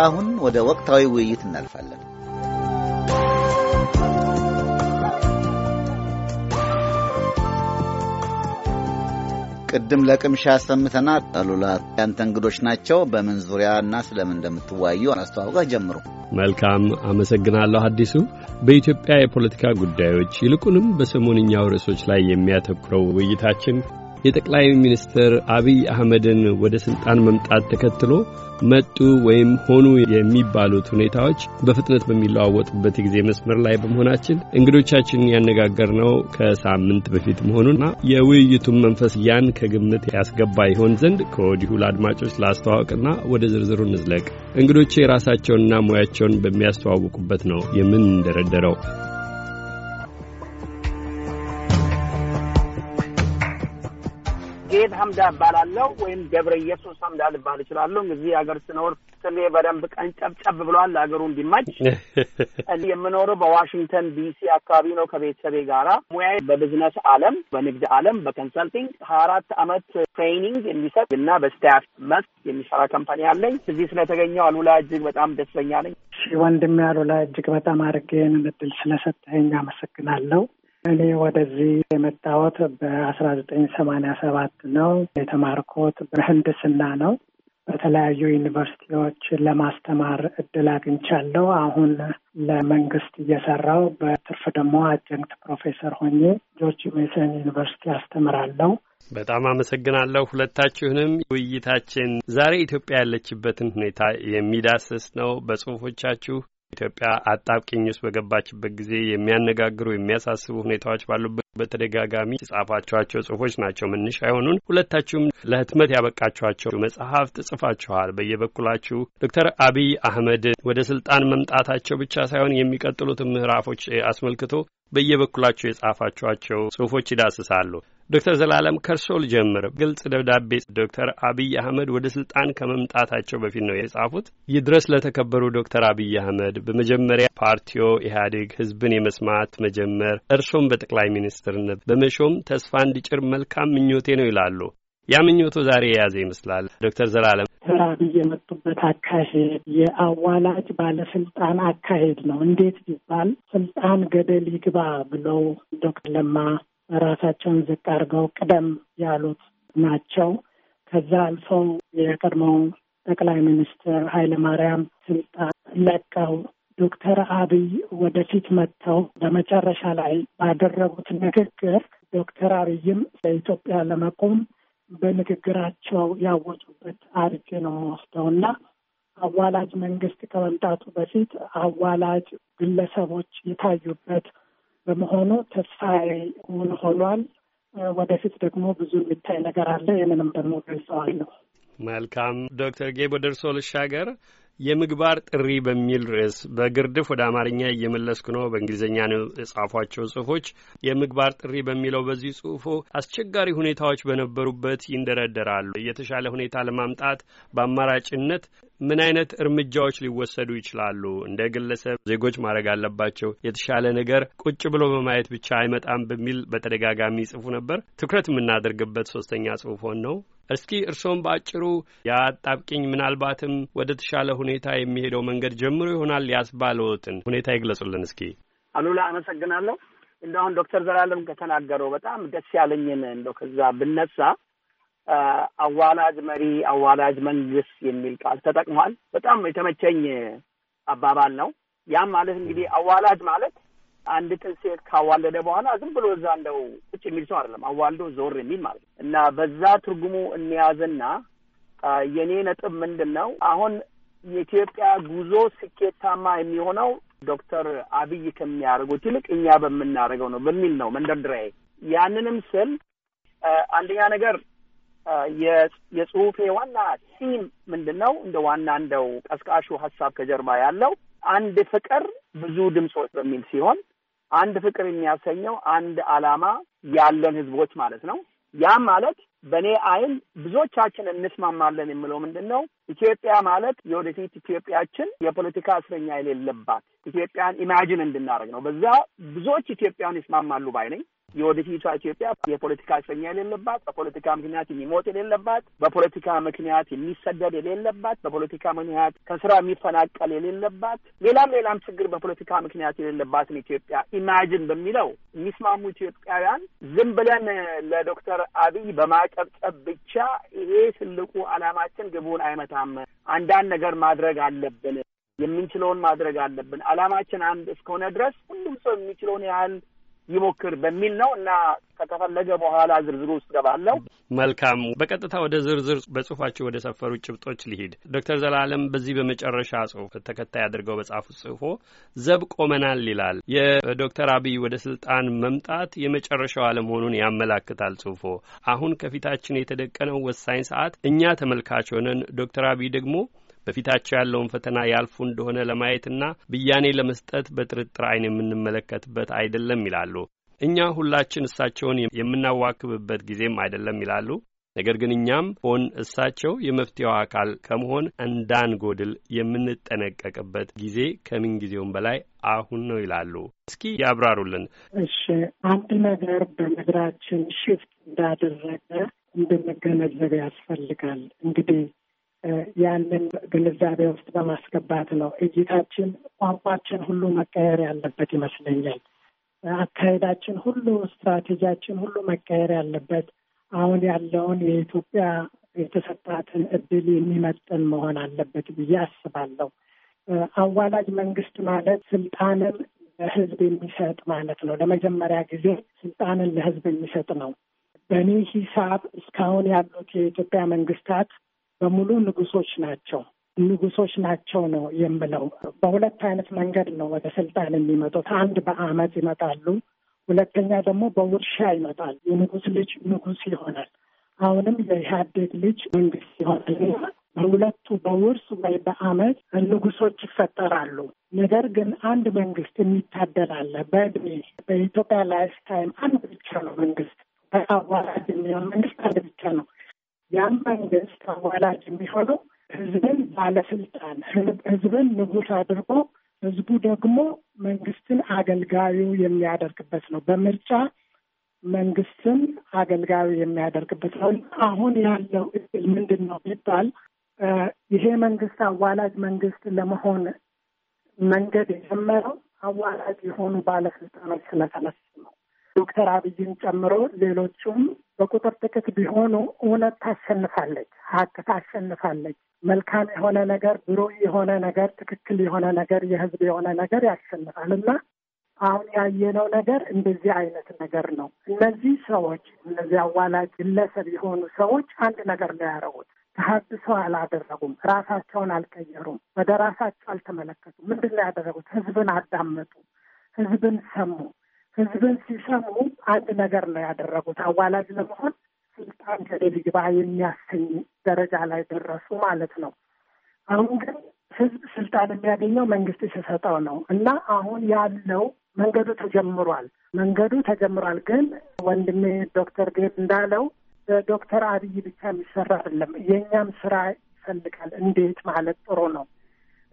አሁን ወደ ወቅታዊ ውይይት እናልፋለን። ቅድም ለቅምሻ አሰምተናል። አሉላ ያንተ እንግዶች ናቸው። በምን ዙሪያና ስለምን እንደምትወያዩ አስተዋውቀህ ጀምሩ። መልካም አመሰግናለሁ አዲሱ። በኢትዮጵያ የፖለቲካ ጉዳዮች ይልቁንም በሰሞንኛው ርዕሶች ላይ የሚያተኩረው ውይይታችን የጠቅላይ ሚኒስትር አብይ አህመድን ወደ ስልጣን መምጣት ተከትሎ መጡ ወይም ሆኑ የሚባሉት ሁኔታዎች በፍጥነት በሚለዋወጡበት ጊዜ መስመር ላይ በመሆናችን እንግዶቻችንን ያነጋገርነው ከሳምንት በፊት መሆኑና የውይይቱን መንፈስ ያን ከግምት ያስገባ ይሆን ዘንድ ከወዲሁ ለአድማጮች ላስተዋወቅና ወደ ዝርዝሩ እንዝለቅ። እንግዶቼ ራሳቸውንና ሙያቸውን በሚያስተዋውቁበት ነው የምንደረደረው። አምዳ እባላለሁ ወይም ገብረ ኢየሱስ አምዳ ልባል እችላለሁ። እዚህ ሀገር ስኖር ስሜ በደንብ ቀን ጨብጨብ ብሏል። ሀገሩ እንዲማጭ የምኖረው በዋሽንግተን ዲሲ አካባቢ ነው ከቤተሰቤ ጋራ። ሙያዬ በቢዝነስ አለም በንግድ አለም በኮንሰልቲንግ ሀያ አራት አመት ትሬኒንግ የሚሰጥ እና በስታፍ መስክ የሚሰራ ከምፓኒ አለኝ። እዚህ ስለተገኘው አሉላ እጅግ በጣም ደስተኛ ነኝ። እሺ ወንድሜ አሉላ እጅግ በጣም አድርጌ ይህንን እድል ስለሰጠኝ አመሰግናለሁ። እኔ ወደዚህ የመጣሁት በአስራ ዘጠኝ ሰማንያ ሰባት ነው። የተማርኩት በህንድስና ነው። በተለያዩ ዩኒቨርሲቲዎች ለማስተማር እድል አግኝቻለሁ። አሁን ለመንግስት እየሰራው በትርፍ ደግሞ አጀንክት ፕሮፌሰር ሆኜ ጆርጅ ሜሰን ዩኒቨርሲቲ አስተምራለሁ። በጣም አመሰግናለሁ ሁለታችሁንም። ውይይታችን ዛሬ ኢትዮጵያ ያለችበትን ሁኔታ የሚዳስስ ነው። በጽሁፎቻችሁ ኢትዮጵያ አጣብቂኝ ውስጥ በገባችበት ጊዜ የሚያነጋግሩ የሚያሳስቡ ሁኔታዎች ባሉበት በተደጋጋሚ የጻፋችኋቸው ጽሁፎች ናቸው መነሻ የሆኑን። ሁለታችሁም ለህትመት ያበቃችኋቸው መጽሐፍት ጽፋችኋል። በየበኩላችሁ ዶክተር አብይ አህመድ ወደ ስልጣን መምጣታቸው ብቻ ሳይሆን የሚቀጥሉትን ምዕራፎች አስመልክቶ በየበኩላቸው የጻፋችኋቸው ጽሁፎች ይዳስሳሉ። ዶክተር ዘላለም ከርሶ ልጀምር። ግልጽ ደብዳቤ ዶክተር አብይ አህመድ ወደ ስልጣን ከመምጣታቸው በፊት ነው የጻፉት። ይድረስ ለተከበሩ ዶክተር አብይ አህመድ በመጀመሪያ ፓርቲዎ ኢህአዴግ ህዝብን የመስማት መጀመር እርሶም በጠቅላይ ሚኒስትርነት በመሾም ተስፋ እንዲጭር መልካም ምኞቴ ነው ይላሉ። ያ ምኞቶ ዛሬ የያዘ ይመስላል። ዶክተር ዘላለም ዶክተር አብይ የመጡበት አካሄድ የአዋላጅ ባለስልጣን አካሄድ ነው። እንዴት ቢባል ስልጣን ገደል ይግባ ብለው ዶክተር ለማ ራሳቸውን ዝቅ አድርገው ቅደም ያሉት ናቸው። ከዛ አልፈው የቀድሞው ጠቅላይ ሚኒስትር ማርያም ስልጣን ለቀው ዶክተር አብይ ወደፊት መጥተው በመጨረሻ ላይ ባደረጉት ንግግር ዶክተር አብይም ለኢትዮጵያ ለመቆም በንግግራቸው ያወጡበት አድርጌ ነው የምወስደው እና አዋላጅ መንግስት ከመምጣቱ በፊት አዋላጅ ግለሰቦች የታዩበት በመሆኑ ተስፋ ሆን ሆኗል። ወደፊት ደግሞ ብዙ የሚታይ ነገር አለ። ይህንንም ደግሞ ገልጸዋለሁ። መልካም ዶክተር ጌ ልሻገር። የምግባር ጥሪ በሚል ርዕስ በግርድፍ ወደ አማርኛ እየመለስኩ ነው። በእንግሊዝኛ ነው የጻፏቸው ጽሁፎች። የምግባር ጥሪ በሚለው በዚህ ጽሁፎ አስቸጋሪ ሁኔታዎች በነበሩበት ይንደረደራሉ። የተሻለ ሁኔታ ለማምጣት በአማራጭነት ምን አይነት እርምጃዎች ሊወሰዱ ይችላሉ? እንደ ግለሰብ ዜጎች ማድረግ አለባቸው። የተሻለ ነገር ቁጭ ብሎ በማየት ብቻ አይመጣም በሚል በተደጋጋሚ ጽፉ ነበር። ትኩረት የምናደርግበት ሶስተኛ ጽሁፎን ነው። እስኪ እርስዎም በአጭሩ የአጣብቂኝ ምናልባትም ወደ ተሻለ ሁኔታ የሚሄደው መንገድ ጀምሮ ይሆናል ያስባለዎትን ሁኔታ ይግለጹልን። እስኪ አሉላ፣ አመሰግናለሁ። እንደ አሁን ዶክተር ዘላለም ከተናገረው በጣም ደስ ያለኝን እንደው ከዛ ብነሳ አዋላጅ መሪ፣ አዋላጅ መንግስት የሚል ቃል ተጠቅሟል። በጣም የተመቸኝ አባባል ነው። ያም ማለት እንግዲህ አዋላጅ ማለት አንድ ጥን ሴት ካዋለደ በኋላ ዝም ብሎ እዛ እንደው ቁጭ የሚል ሰው አይደለም፣ አዋልዶ ዞር የሚል ማለት ነው። እና በዛ ትርጉሙ እንያዝና የእኔ ነጥብ ምንድን ነው አሁን የኢትዮጵያ ጉዞ ስኬታማ የሚሆነው ዶክተር አብይ ከሚያደርጉት ይልቅ እኛ በምናደርገው ነው በሚል ነው መንደርደሪያዬ። ያንንም ስል አንደኛ ነገር የጽሁፌ ዋና ሲም ምንድን ነው እንደ ዋና እንደው ቀስቃሹ ሀሳብ ከጀርባ ያለው አንድ ፍቅር ብዙ ድምፆች በሚል ሲሆን አንድ ፍቅር የሚያሰኘው አንድ አላማ ያለን ህዝቦች ማለት ነው። ያም ማለት በእኔ አይን ብዙዎቻችን እንስማማለን የምለው ምንድን ነው? ኢትዮጵያ ማለት የወደፊት ኢትዮጵያችን የፖለቲካ እስረኛ የሌለባት ኢትዮጵያን ኢማጂን እንድናደርግ ነው። በዛ ብዙዎች ኢትዮጵያን ይስማማሉ ባይ ነኝ። የወደፊቷ ኢትዮጵያ የፖለቲካ እስረኛ የሌለባት፣ በፖለቲካ ምክንያት የሚሞት የሌለባት፣ በፖለቲካ ምክንያት የሚሰደድ የሌለባት፣ በፖለቲካ ምክንያት ከስራ የሚፈናቀል የሌለባት፣ ሌላም ሌላም ችግር በፖለቲካ ምክንያት የሌለባትን ኢትዮጵያ ኢማጅን በሚለው የሚስማሙ ኢትዮጵያውያን ዝም ብለን ለዶክተር አብይ በማጨብጨብ ብቻ ይሄ ትልቁ አላማችን ግቡን አይመታም። አንዳንድ ነገር ማድረግ አለብን። የምንችለውን ማድረግ አለብን። አላማችን አንድ እስከሆነ ድረስ ሁሉም ሰው የሚችለውን ያህል ይሞክር በሚል ነው እና ከተፈለገ በኋላ ዝርዝሩ ውስጥ ገባለሁ። መልካም። በቀጥታ ወደ ዝርዝር በጽሁፋቸው ወደ ሰፈሩ ጭብጦች ሊሄድ ዶክተር ዘላለም በዚህ በመጨረሻ ጽሁፍ ተከታይ አድርገው በጻፉት ጽሁፎ ዘብ ቆመናል ይላል። የዶክተር አብይ ወደ ስልጣን መምጣት የመጨረሻው አለመሆኑን ያመላክታል ጽሁፎ። አሁን ከፊታችን የተደቀነው ወሳኝ ሰዓት እኛ ተመልካች ሆነን ዶክተር አብይ ደግሞ በፊታቸው ያለውን ፈተና ያልፉ እንደሆነ ለማየትና ብያኔ ለመስጠት በጥርጥር አይን የምንመለከትበት አይደለም ይላሉ። እኛ ሁላችን እሳቸውን የምናዋክብበት ጊዜም አይደለም ይላሉ። ነገር ግን እኛም ሆን እሳቸው የመፍትሄው አካል ከመሆን እንዳንጎድል የምንጠነቀቅበት ጊዜ ከምን ጊዜውም በላይ አሁን ነው ይላሉ። እስኪ ያብራሩልን። እሺ፣ አንድ ነገር በምድራችን ሽፍት እንዳደረገ እንድንገነዘብ ያስፈልጋል። እንግዲህ ያንን ግንዛቤ ውስጥ በማስገባት ነው እይታችን፣ ቋንቋችን ሁሉ መቀየር ያለበት ይመስለኛል። አካሄዳችን ሁሉ፣ ስትራቴጂያችን ሁሉ መቀየር ያለበት አሁን ያለውን የኢትዮጵያ የተሰጣትን እድል የሚመጥን መሆን አለበት ብዬ አስባለሁ። አዋላጅ መንግስት ማለት ስልጣንን ለህዝብ የሚሰጥ ማለት ነው። ለመጀመሪያ ጊዜ ስልጣንን ለህዝብ የሚሰጥ ነው። በእኔ ሂሳብ እስካሁን ያሉት የኢትዮጵያ መንግስታት በሙሉ ንጉሶች ናቸው ንጉሶች ናቸው ነው የምለው። በሁለት አይነት መንገድ ነው ወደ ስልጣን የሚመጡት። አንድ በአመት ይመጣሉ፣ ሁለተኛ ደግሞ በውርሻ ይመጣል። የንጉስ ልጅ ንጉስ ይሆናል፣ አሁንም የኢህአዴግ ልጅ መንግስት ይሆናል። በሁለቱ በውርስ ወይ በአመት ንጉሶች ይፈጠራሉ። ነገር ግን አንድ መንግስት የሚታደል አለ በእድሜ በኢትዮጵያ ላይፍ ታይም አንድ ብቻ ነው መንግስት በአዋራጅ የሚሆን መንግስት አንድ ብቻ ነው። ያን መንግስት አዋላጅ የሚሆነው ህዝብን ባለስልጣን፣ ህዝብን ንጉስ አድርጎ ህዝቡ ደግሞ መንግስትን አገልጋዩ የሚያደርግበት ነው። በምርጫ መንግስትን አገልጋዩ የሚያደርግበት ነው። አሁን ያለው እድል ምንድን ነው ቢባል ይሄ መንግስት አዋላጅ መንግስት ለመሆን መንገድ የጀመረው አዋላጅ የሆኑ ባለስልጣኖች ስለተነሱ ነው። ዶክተር አብይን ጨምሮ ሌሎቹም በቁጥር ጥቂት ቢሆኑ እውነት ታሸንፋለች፣ ሀቅ ታሸንፋለች። መልካም የሆነ ነገር፣ ብሩህ የሆነ ነገር፣ ትክክል የሆነ ነገር፣ የህዝብ የሆነ ነገር ያሸንፋል እና አሁን ያየነው ነገር እንደዚህ አይነት ነገር ነው። እነዚህ ሰዎች እነዚህ አዋላጅ ግለሰብ የሆኑ ሰዎች አንድ ነገር ነው ያደረጉት። ተሀድሶ አላደረጉም። ራሳቸውን አልቀየሩም። ወደ ራሳቸው አልተመለከቱም። ምንድን ነው ያደረጉት? ህዝብን አዳመጡ፣ ህዝብን ሰሙ። ህዝብን ሲሰሙ አንድ ነገር ነው ያደረጉት። አዋላጅ ለመሆን ስልጣን ከሌል ግባ የሚያሰኝ ደረጃ ላይ ደረሱ ማለት ነው። አሁን ግን ህዝብ ስልጣን የሚያገኘው መንግስት ሲሰጠው ነው እና አሁን ያለው መንገዱ ተጀምሯል። መንገዱ ተጀምሯል፣ ግን ወንድሜ ዶክተር ጌት እንዳለው በዶክተር አብይ ብቻ የሚሰራ አይደለም። የእኛም ስራ ይፈልጋል። እንዴት ማለት ጥሩ ነው።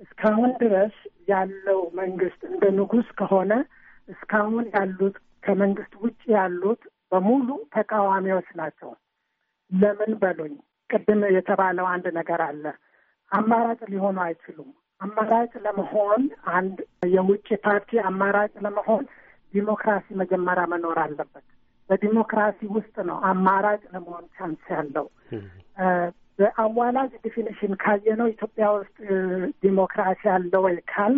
እስካሁን ድረስ ያለው መንግስት እንደ ንጉስ ከሆነ እስካሁን ያሉት ከመንግስት ውጭ ያሉት በሙሉ ተቃዋሚዎች ናቸው። ለምን በሉኝ፣ ቅድም የተባለው አንድ ነገር አለ። አማራጭ ሊሆኑ አይችሉም። አማራጭ ለመሆን አንድ የውጭ ፓርቲ አማራጭ ለመሆን ዲሞክራሲ መጀመሪያ መኖር አለበት። በዲሞክራሲ ውስጥ ነው አማራጭ ለመሆን ቻንስ ያለው። በአዋላጅ ዲፊኒሽን ካየ ነው ኢትዮጵያ ውስጥ ዲሞክራሲ አለ ወይ ካል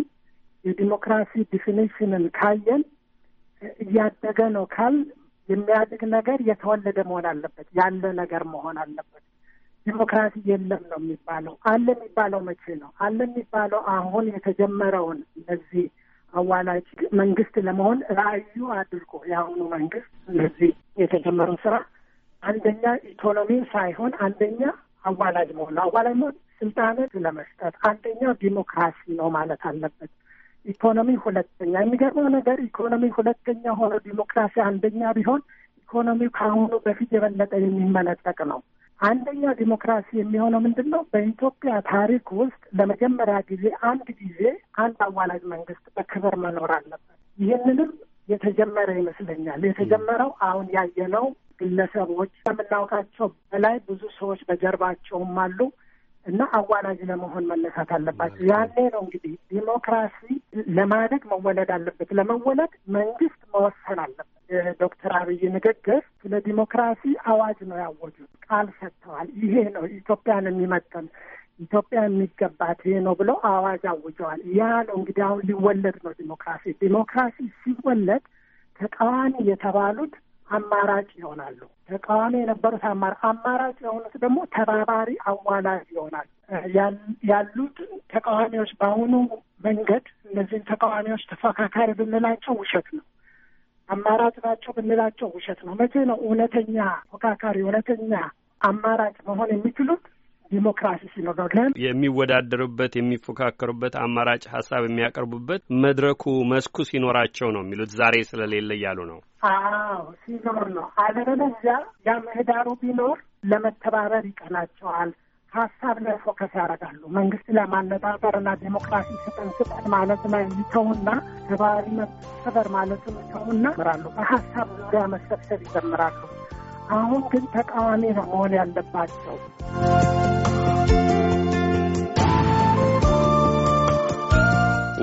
የዲሞክራሲ ዲፊኒሽንን ካየን እያደገ ነው ካል የሚያድግ ነገር የተወለደ መሆን አለበት፣ ያለ ነገር መሆን አለበት። ዲሞክራሲ የለም ነው የሚባለው። አለ የሚባለው መቼ ነው? አለ የሚባለው አሁን የተጀመረውን እነዚህ አዋላጅ መንግስት ለመሆን ራዕዩ አድርጎ የአሁኑ መንግስት እነዚህ የተጀመረው ስራ አንደኛ ኢኮኖሚ ሳይሆን አንደኛ አዋላጅ መሆን ነው። አዋላጅ መሆን ስልጣንን ለመስጠት አንደኛው ዲሞክራሲ ነው ማለት አለበት። ኢኮኖሚ ሁለተኛ። የሚገርመው ነገር ኢኮኖሚ ሁለተኛ ሆነ ዲሞክራሲ አንደኛ ቢሆን ኢኮኖሚው ከአሁኑ በፊት የበለጠ የሚመነጠቅ ነው። አንደኛ ዲሞክራሲ የሚሆነው ምንድን ነው? በኢትዮጵያ ታሪክ ውስጥ ለመጀመሪያ ጊዜ አንድ ጊዜ አንድ አዋላጅ መንግስት በክብር መኖር አለበት። ይህንንም የተጀመረ ይመስለኛል። የተጀመረው አሁን ያየነው ግለሰቦች ከምናውቃቸው በላይ ብዙ ሰዎች በጀርባቸውም አሉ እና አዋላጅ ለመሆን መነሳት አለባቸው። ያኔ ነው እንግዲህ ዲሞክራሲ ለማደግ መወለድ አለበት። ለመወለድ መንግስት መወሰን አለበት። ዶክተር አብይ ንግግር ስለ ዲሞክራሲ አዋጅ ነው ያወጁት፣ ቃል ሰጥተዋል። ይሄ ነው ኢትዮጵያን የሚመጠን ኢትዮጵያ የሚገባት ይሄ ነው ብለው አዋጅ አውጀዋል። ያ ነው እንግዲህ አሁን ሊወለድ ነው ዲሞክራሲ። ዲሞክራሲ ሲወለድ ተቃዋሚ የተባሉት አማራጭ ይሆናሉ። ተቃዋሚ የነበሩት አማር አማራጭ የሆኑት ደግሞ ተባባሪ አዋላጅ ይሆናል። ያሉት ተቃዋሚዎች በአሁኑ መንገድ እነዚህን ተቃዋሚዎች ተፎካካሪ ብንላቸው ውሸት ነው። አማራጭ ናቸው ብንላቸው ውሸት ነው። መቼ ነው እውነተኛ ፎካካሪ እውነተኛ አማራጭ መሆን የሚችሉት? ዲሞክራሲ ሲኖዶለን የሚወዳደሩበት የሚፎካከሩበት አማራጭ ሀሳብ የሚያቀርቡበት መድረኩ መስኩ ሲኖራቸው ነው የሚሉት ዛሬ ስለሌለ እያሉ ነው። አዎ ሲኖር ነው። አለበለዚያ ያ ምህዳሩ ቢኖር ለመተባበር ይቀናቸዋል። ሀሳብ ላይ ፎከስ ያደርጋሉ። መንግስት ለማነጣጠርና ዴሞክራሲ ስጠን ስጠን ማለት ላይ ይተውና ሰብአዊ መብት ሰበር ማለት ይተውና ምራሉ በሀሳብ ዙሪያ መሰብሰብ ይጀምራሉ። አሁን ግን ተቃዋሚ ነው መሆን ያለባቸው።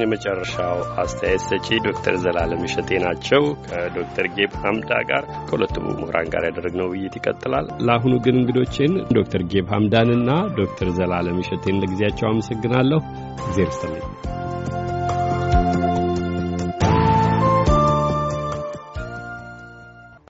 የመጨረሻው አስተያየት ሰጪ ዶክተር ዘላለም እሸቴ ናቸው። ከዶክተር ጌብ ሀምዳ ጋር ከሁለቱ ምሁራን ጋር ያደረግነው ውይይት ይቀጥላል። ለአሁኑ ግን እንግዶችን ዶክተር ጌብ ሀምዳንና ዶክተር ዘላለም እሸቴን ለጊዜያቸው አመሰግናለሁ። እግዜር ይስጥልኝ።